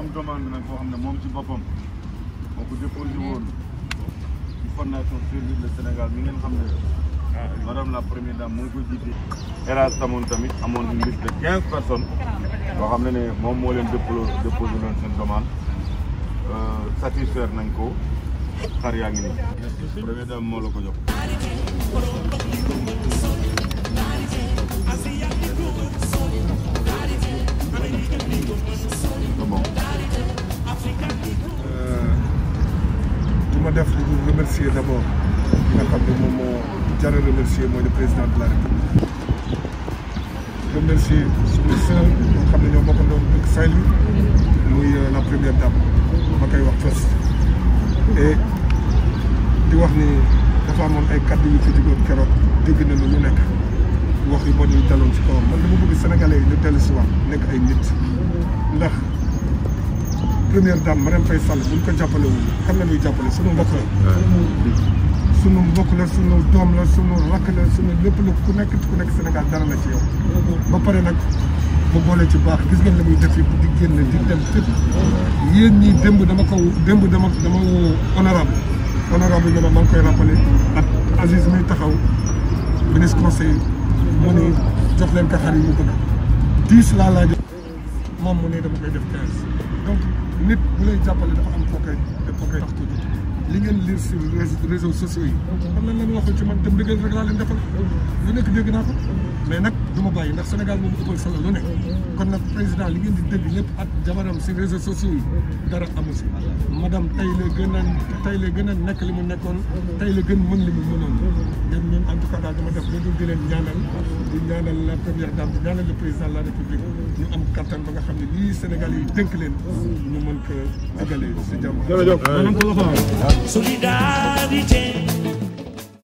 am demande nag boo xam ne moom si boppam moo ko déposé woon ci fondation Servir le Sénégal mi ngeen xam ne madame la première dame moo ngi koy jiite Eras tamoon tamit amoon une liste de quinze personnes boo xam ne ne moom moo leen déposé déposé loon seen demande euh, satisfaire nañ ko xar yaa ngi nii moo la ko jox def lu dul remercier d'abord ki nga xam ne moom moo jar a remercier mooy le président de la République remercier suñu sœur ñoo xam ne ñoo bokk doon dëkk saint muy euh, la première dame ma koy wax first et di wax ni dafa amoon ay kàddu yu ci digoon keroog dégg na lu ñu nekk wax yi bon yu daloon ci kawam man dama bëgg sénégalais yi ñu dellu si wax nekk ay nit ndax première dame Marième Faye Sall buñ ko xam na ñuy jàppale sunu mbokk la sunu mbokk la sunu doom la sunu rakk la sunu lépp la ku nekk ku nekk Sénégal dara la ci yow ba pare nag bu boole ci baax gis ngeen la muy def yi bu di génn di dem fépp dama ko démb dama dama woo honorable honorable dama maa ngi koy Aziz muy taxaw ministre conseil mu ni jox leen ko xar yi mu bëgg diis laa laaj moom mu ne dama koy def quinze nit bu lay jappalé dafa am foo té foo koy tax tuuti li ngeen lire sur réseaux sociaux yi am na lañ waxal ci man dem dëggal rek la leen defal yu nek dégg na ko mais nak duma bayyi bàyyi ndax Sénégal moom ëppal solo lu nek kon nak président li ngeen di dégg lépp ak jabaram ci réseaux sociaux yi dara amu ci madame tay le gënal tay le gënal nek limu nekkon tay le gën mën limu mënon dem ñun en tout cas dal dama def lu dul di leen ñaanal di ñaanal la première dame di ñaanal le président de la république ñu am kattan ba nga xamni li Sénégal yi dénk leen mën ko dëggalee si jàmm. jërëjëf. solidarité.